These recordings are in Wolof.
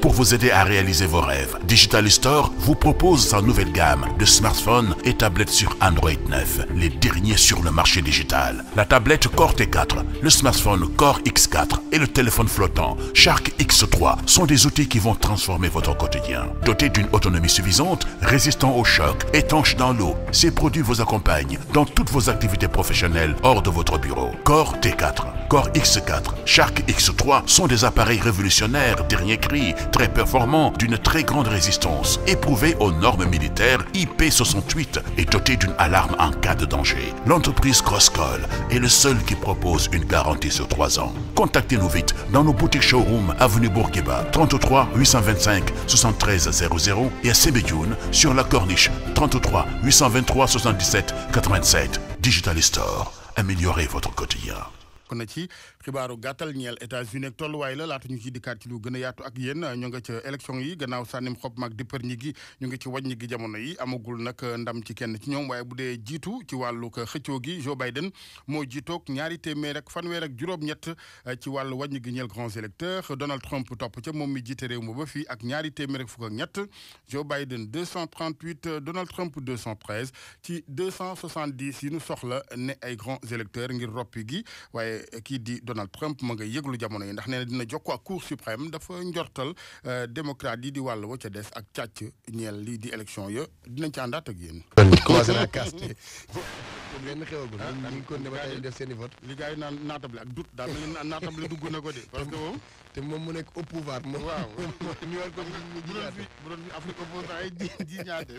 pour vous aider à réaliser vos rêves. Digital Store vous propose sa nouvelle gamme de smartphones et tablettes sur Android les derniers sur le marché digital. La tablette Core T4, le smartphone Core X4 et le téléphone flottant Shark X3 sont des outils qui vont transformer votre quotidien. Dotés d'une autonomie suffisante, résistant aux chocs, étanches dans l'eau, ces produits vous accompagnent dans toutes vos activités professionnelles hors de votre bureau. très performant, d'une très grande résistance, éprouvé aux normes militaires IP68 et doté d'une alarme en cas de danger. L'entreprise Crosscall est le seul qui propose une garantie sur 3 ans. Contactez-nous vite dans nos boutiques showroom avenue Bourguiba et à sur la Corniche 33 améliorez votre quotidien. bokk na ci xibaaru gàttal ñeel États-Unis ak tolluwaay la laata ñu ci dikkaat ci lu gën a yaatu ak yéen ñu nga ca yi gannaaw sànnim xob mag di për ñi gi ñu ngi ci wàññi gi jamono yi amagul nag euh, ndam ci kenn ci ñoom waaye bu dee jiitu ci wàllu xëccoo gi Joe Biden moo jiitoog ñaari téeméer ak fanweer ak juróom-ñett euh, ci wàllu wàññi gi ñeel grands électeurs Donald Trump topp ca moom mi jiite réew ma ba fii ak ñaari téeméer ak fukk ak ñett Joe Biden 238 euh, Donald Trump 213 ci 270 yi ñu soxla ne ay grands électeurs ngir roppi gi waaye Eh, kii di Donald Trump ma nga yëglu jamono yi ndax nee dina jokkoo ak Cour suprême dafa njortal eh, démocrate yi di wàll wa ca des ak càcc ñeel lii di élection ya dinañ ci àndaat ak yéen. commencé naa kaste benn xewagul ah, ñu ngi ko seen i vote li gars yi naan naatable dugg na ko de parce que moom te moom mu nekk au pouvoir moom waaw ñu war ko mu jiñaate bu doon fi Afrique opposant ay jiñaate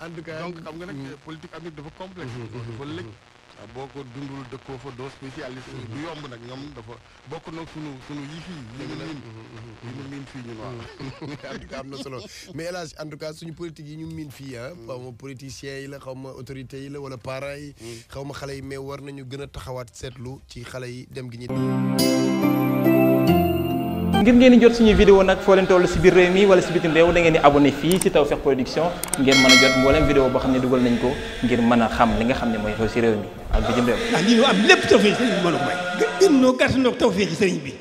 en tout cas donc xam nga nag mm. politique amérique dafa complexe mm-hmm, dafa mm-hmm, lëj mm-hmm. boo ko dundul dëkkoo fa doo spécialiste mhm. du yomb nag ñoom dafa bokk nag sunu sunu yi fii yi nu mhm, mhm. miin fii ñun waaw na solo mais El Hadj en cas suñu politique yi ñu miin fii ah xaw la xaw ma autorités yi la wala parents yi xaw ma xale yi mais war nañu gën a taxawaat seetlu ci xale yi dem gi ñu ngir ngeen jot suñu vidéo nag foo leen toll si biir réew mi wala si bitim réew da di abonné fii si Tawfekh Production ngeen mën a jot mboolem vidéo boo xam ne dugal nañ ko ngir mën a xam li nga ne mooy xew si réew mi ak bitim réew. ndax lii ñu am lépp tawfeex ci sëriñ bi mën a may. gën noo gàtt noo tawfeex ci sëriñ bi.